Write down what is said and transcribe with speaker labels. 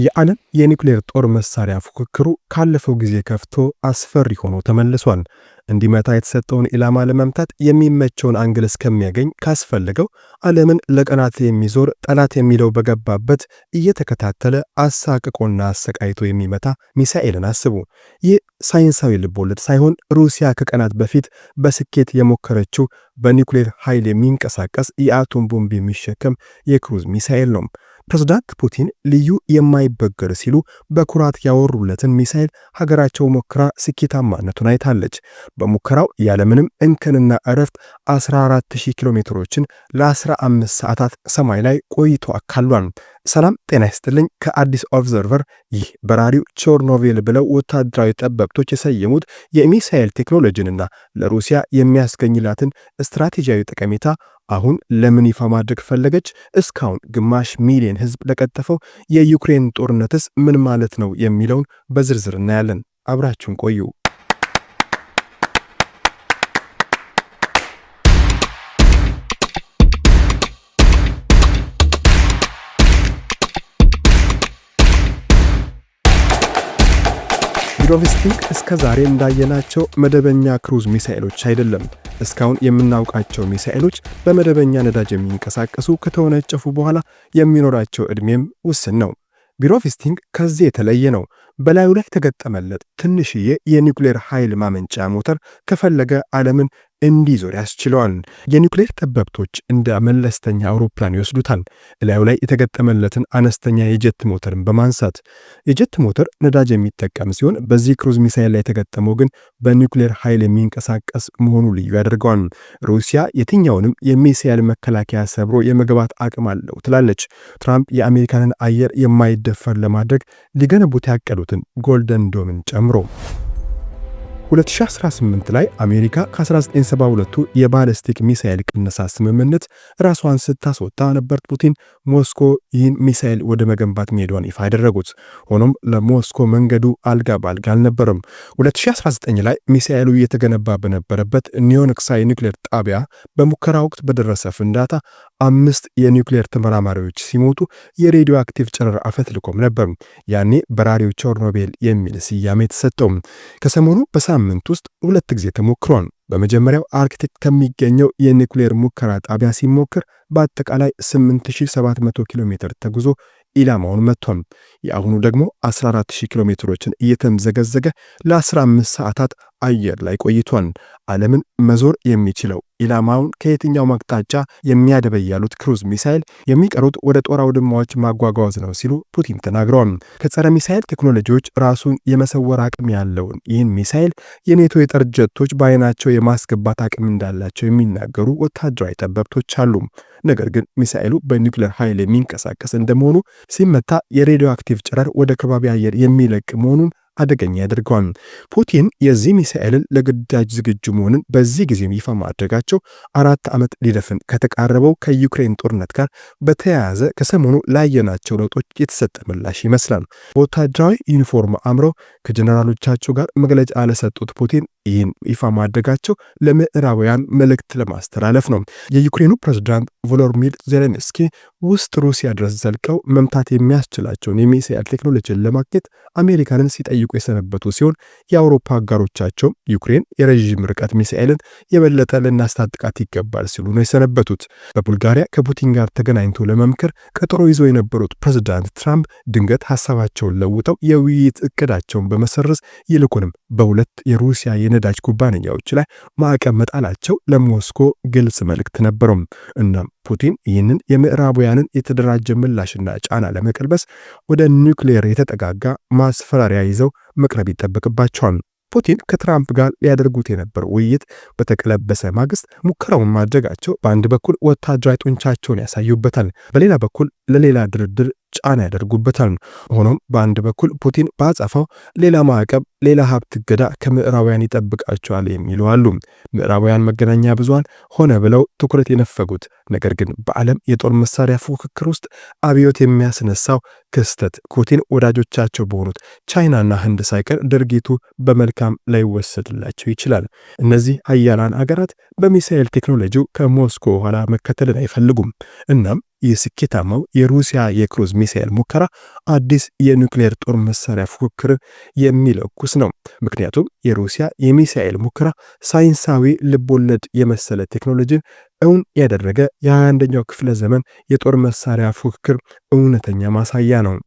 Speaker 1: የዓለም የኒውክሌር ጦር መሳሪያ ፉክክሩ ካለፈው ጊዜ ከፍቶ አስፈሪ ሆኖ ተመልሷል። እንዲመታ የተሰጠውን ኢላማ ለመምታት የሚመቸውን አንግል እስከሚያገኝ ካስፈልገው ዓለምን ለቀናት የሚዞር ጠላት የሚለው በገባበት እየተከታተለ አሳቅቆና አሰቃይቶ የሚመታ ሚሳኤልን አስቡ። ይህ ሳይንሳዊ ልቦለድ ሳይሆን ሩሲያ ከቀናት በፊት በስኬት የሞከረችው በኒውክሌር ኃይል የሚንቀሳቀስ የአቶም ቦምብ የሚሸከም የክሩዝ ሚሳኤል ነው። ፕሬዝዳንት ፑቲን ልዩ የማይበገር ሲሉ በኩራት ያወሩለትን ሚሳኤል ሀገራቸው ሞክራ ስኬታማነቱን አይታለች። በሙከራው ያለምንም እንከንና እረፍት 14000 ኪሎ ሜትሮችን ለ15 ሰዓታት ሰማይ ላይ ቆይቶ አካሏል። ሰላም ጤና ይስጥልኝ። ከአዲስ ኦብዘርቨር ይህ በራሪው ቾርኖቬል ብለው ወታደራዊ ጠበብቶች የሰየሙት የሚሳኤል ቴክኖሎጂንና ለሩሲያ የሚያስገኝላትን ስትራቴጂያዊ ጠቀሜታ አሁን ለምን ይፋ ማድረግ ፈለገች? እስካሁን ግማሽ ሚሊዮን ሕዝብ ለቀጠፈው የዩክሬን ጦርነትስ ምን ማለት ነው? የሚለውን በዝርዝር እናያለን። አብራችሁን ቆዩ። ጆቪስቲክ እስከ ዛሬ እንዳየናቸው መደበኛ ክሩዝ ሚሳኤሎች አይደለም። እስካሁን የምናውቃቸው ሚሳኤሎች በመደበኛ ነዳጅ የሚንቀሳቀሱ ከተወነጨፉ በኋላ የሚኖራቸው ዕድሜም ውስን ነው። ጆቪስቲንግ ከዚህ የተለየ ነው። በላዩ ላይ የተገጠመለት ትንሽዬ የኒውክሌር ኃይል ማመንጫ ሞተር ከፈለገ ዓለምን እንዲዞር ያስችለዋል። የኒውክሌር ጠበብቶች እንደ መለስተኛ አውሮፕላን ይወስዱታል። እላዩ ላይ የተገጠመለትን አነስተኛ የጀት ሞተርን በማንሳት የጀት ሞተር ነዳጅ የሚጠቀም ሲሆን፣ በዚህ ክሩዝ ሚሳይል ላይ የተገጠመው ግን በኒውክሌር ኃይል የሚንቀሳቀስ መሆኑ ልዩ ያደርገዋል። ሩሲያ የትኛውንም የሚሳይል መከላከያ ሰብሮ የመግባት አቅም አለው ትላለች። ትራምፕ የአሜሪካንን አየር የማይደፈር ለማድረግ ሊገነቡት ያቀዱትን ጎልደን ዶምን ጨምሮ 2018 ላይ አሜሪካ ከ1972ቱ የባለስቲክ ሚሳኤል ቅነሳ ስምምነት ራሷን ስታስወጣ ነበር ፑቲን ሞስኮ ይህን ሚሳኤል ወደ መገንባት መሄዷን ይፋ ያደረጉት። ሆኖም ለሞስኮ መንገዱ አልጋ ባልጋ አልነበረም። 2019 ላይ ሚሳኤሉ እየተገነባ በነበረበት ኒዮንክሳይ ኒውክሌር ጣቢያ በሙከራ ወቅት በደረሰ ፍንዳታ አምስት የኒውክሌር ተመራማሪዎች ሲሞቱ የሬዲዮ አክቲቭ ጨረር አፈትልኮም ነበር። ያኔ በራሪው ቾርኖቤል የሚል ስያሜ ተሰጠው። ከሰሞኑ በሳ ሳምንት ውስጥ ሁለት ጊዜ ተሞክሯል። በመጀመሪያው አርክቲክ ከሚገኘው የኒኩሌር ሙከራ ጣቢያ ሲሞክር በአጠቃላይ 8700 ኪሎ ሜትር ተጉዞ ኢላማውን መቷል። የአሁኑ ደግሞ 140 ኪሎ ሜትሮችን እየተምዘገዘገ ለ15 ሰዓታት አየር ላይ ቆይቷል። ዓለምን መዞር የሚችለው ኢላማውን ከየትኛው አቅጣጫ የሚያደበይ ያሉት ክሩዝ ሚሳይል የሚቀሩት ወደ ጦር አውድማዎች ማጓጓዝ ነው ሲሉ ፑቲን ተናግረዋል። ከጸረ ሚሳይል ቴክኖሎጂዎች ራሱን የመሰወር አቅም ያለውን ይህን ሚሳይል የኔቶ የጠር ጀቶች በአይናቸው የማስገባት አቅም እንዳላቸው የሚናገሩ ወታደራዊ ጠበብቶች አሉ። ነገር ግን ሚሳኤሉ በኒውክሌር ኃይል የሚንቀሳቀስ እንደመሆኑ ሲመታ የሬዲዮ አክቲቭ ጨረር ወደ ከባቢ አየር የሚለቅ መሆኑን አደገኛ ያደርገዋል። ፑቲን የዚህ ሚሳኤልን ለግዳጅ ዝግጁ መሆንን በዚህ ጊዜም ይፋ ማድረጋቸው አራት ዓመት ሊደፍን ከተቃረበው ከዩክሬን ጦርነት ጋር በተያያዘ ከሰሞኑ ላየናቸው ለውጦች የተሰጠ ምላሽ ይመስላል። ወታደራዊ ዩኒፎርም አምረው ከጀነራሎቻቸው ጋር መግለጫ ለሰጡት ፑቲን ይህን ይፋ ማድረጋቸው ለምዕራባውያን መልእክት ለማስተላለፍ ነው። የዩክሬኑ ፕሬዝዳንት ቮሎዲሚር ዜሌንስኪ ውስጥ ሩሲያ ድረስ ዘልቀው መምታት የሚያስችላቸውን የሚሳኤል ቴክኖሎጂን ለማግኘት አሜሪካንን ሲጠይቁ ሲጠብቁ የሰነበቱ ሲሆን የአውሮፓ አጋሮቻቸውም ዩክሬን የረዥም ርቀት ሚሳኤልን የበለጠ ልናስታጥቃት ይገባል ሲሉ ነው የሰነበቱት። በቡልጋሪያ ከፑቲን ጋር ተገናኝቶ ለመምከር ቀጠሮ ይዘው የነበሩት ፕሬዚዳንት ትራምፕ ድንገት ሀሳባቸውን ለውጠው የውይይት እቅዳቸውን በመሰረዝ ይልቁንም በሁለት የሩሲያ የነዳጅ ኩባንያዎች ላይ ማዕቀብ መጣላቸው ለሞስኮ ግልጽ መልእክት ነበረው። እናም ፑቲን ይህንን የምዕራባውያንን የተደራጀ ምላሽና ጫና ለመቀልበስ ወደ ኒውክሌር የተጠጋጋ ማስፈራሪያ ይዘው መቅረብ ይጠበቅባቸዋል። ፑቲን ከትራምፕ ጋር ሊያደርጉት የነበረው ውይይት በተቀለበሰ ማግስት ሙከራውን ማድረጋቸው በአንድ በኩል ወታደራዊ ጡንቻቸውን ያሳዩበታል፣ በሌላ በኩል ለሌላ ድርድር ጫና ያደርጉበታል። ሆኖም በአንድ በኩል ፑቲን በአጸፋው ሌላ ማዕቀብ፣ ሌላ ሀብት እገዳ ከምዕራባውያን ይጠብቃቸዋል የሚሉ አሉ። ምዕራባውያን መገናኛ ብዙሃን ሆነ ብለው ትኩረት የነፈጉት ነገር ግን በዓለም የጦር መሳሪያ ፉክክር ውስጥ አብዮት የሚያስነሳው ክስተት ፑቲን ወዳጆቻቸው በሆኑት ቻይናና ህንድ ሳይቀር ድርጊቱ በመልካም ላይወሰድላቸው ይችላል። እነዚህ ሀያላን አገራት በሚሳኤል ቴክኖሎጂው ከሞስኮ ኋላ መከተልን አይፈልጉም። እናም የስኬታማው የሩሲያ የክሩዝ ሚሳኤል ሙከራ አዲስ የኑክሌር ጦር መሳሪያ ፉክክር የሚለኩስ ነው። ምክንያቱም የሩሲያ የሚሳኤል ሙከራ ሳይንሳዊ ልቦለድ የመሰለ ቴክኖሎጂ እውን ያደረገ የ21ኛው ክፍለ ዘመን የጦር መሳሪያ ፉክክር እውነተኛ ማሳያ ነው።